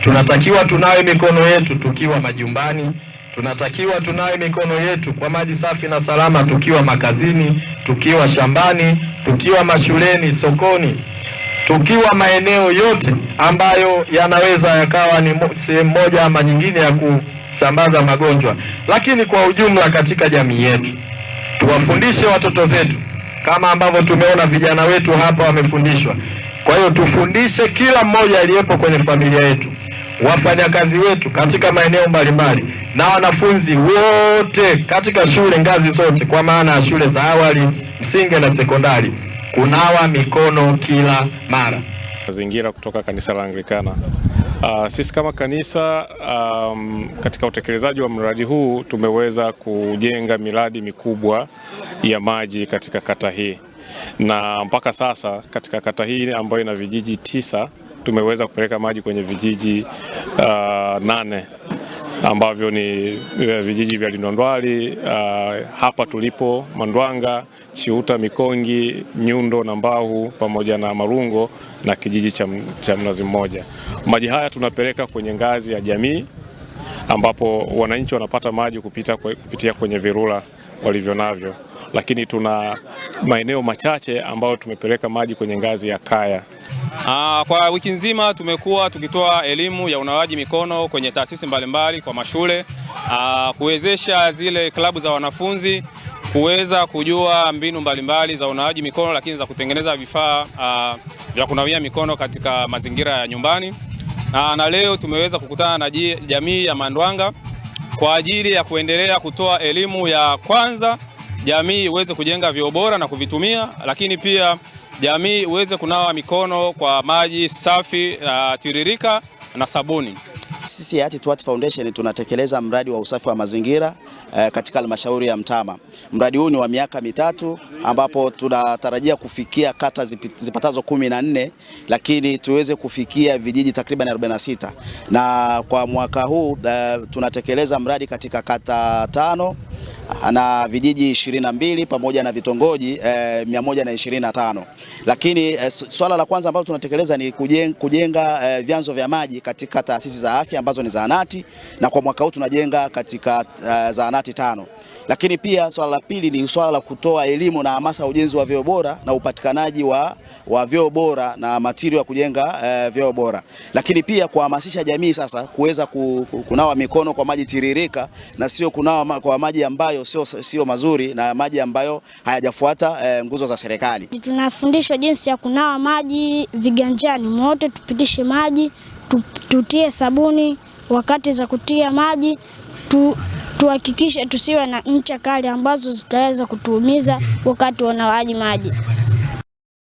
Tunatakiwa tunawe mikono yetu tukiwa majumbani, tunatakiwa tunawe mikono yetu kwa maji safi na salama tukiwa makazini, tukiwa shambani, tukiwa mashuleni, sokoni, tukiwa maeneo yote ambayo yanaweza yakawa ni sehemu moja ama nyingine ya kusambaza magonjwa. Lakini kwa ujumla katika jamii yetu, tuwafundishe watoto zetu kama ambavyo tumeona vijana wetu hapa wamefundishwa. Kwa hiyo tufundishe kila mmoja aliyepo kwenye familia yetu wafanyakazi wetu katika maeneo mbalimbali na wanafunzi wote katika shule ngazi zote, kwa maana ya shule za awali, msingi na sekondari, kunawa mikono kila mara. Mazingira kutoka kanisa la Anglikana. Uh, sisi kama kanisa um, katika utekelezaji wa mradi huu tumeweza kujenga miradi mikubwa ya maji katika kata hii, na mpaka sasa katika kata hii ambayo ina vijiji tisa tumeweza kupeleka maji kwenye vijiji uh, nane ambavyo ni eh, vijiji vya Lindondwali uh, hapa tulipo Mandwanga, Chiuta, Mikongi, Nyundo na Mbahu pamoja na Marungo na kijiji cha, cha Mnazi Mmoja. Maji haya tunapeleka kwenye ngazi ya jamii ambapo wananchi wanapata maji kupita, kupitia kwenye virula walivyo navyo, lakini tuna maeneo machache ambayo tumepeleka maji kwenye ngazi ya kaya. Aa, ah, kwa wiki nzima tumekuwa tukitoa elimu ya unawaji mikono kwenye taasisi mbalimbali kwa mashule aa, ah, kuwezesha zile klabu za wanafunzi kuweza kujua mbinu mbalimbali za unawaji mikono, lakini za kutengeneza vifaa ah, vya kunawia mikono katika mazingira ya nyumbani. Aa, na leo tumeweza kukutana na jamii ya Mandwanga kwa ajili ya kuendelea kutoa elimu ya kwanza, jamii iweze kujenga vyoo bora na kuvitumia, lakini pia jamii iweze kunawa mikono kwa maji safi na uh, tiririka na sabuni. Sisi Hayati Twat Foundation tunatekeleza mradi wa usafi wa mazingira eh, katika halmashauri ya Mtama. Mradi huu ni wa miaka mitatu ambapo tunatarajia kufikia kata zipatazo kumi na nne lakini tuweze kufikia vijiji takriban 46 na kwa mwaka huu eh, tunatekeleza mradi katika kata tano na vijiji 22 pamoja na vitongoji eh, 125. Lakini eh, swala la kwanza ambalo tunatekeleza ni kujenga, kujenga eh, vyanzo vya maji katika taasisi za afya ambazo ni zahanati na kwa mwaka huu tunajenga katika eh, zahanati tano. Lakini pia swala la pili ni swala la kutoa elimu na hamasa ya ujenzi wa vyoo bora na upatikanaji wa, wa vyoo bora na matirio ya kujenga e, eh, vyoo bora, lakini pia kuhamasisha jamii sasa kuweza kunawa mikono kwa maji tiririka na sio kunawa kwa maji ambayo sio, sio mazuri na maji ambayo hayajafuata e, nguzo za serikali. Tunafundishwa jinsi ya kunawa maji viganjani mwote, tupitishe maji tutie sabuni wakati za kutia maji tu tuhakikishe tusiwe na ncha kali ambazo zitaweza kutuumiza wakati wanawaaji maji.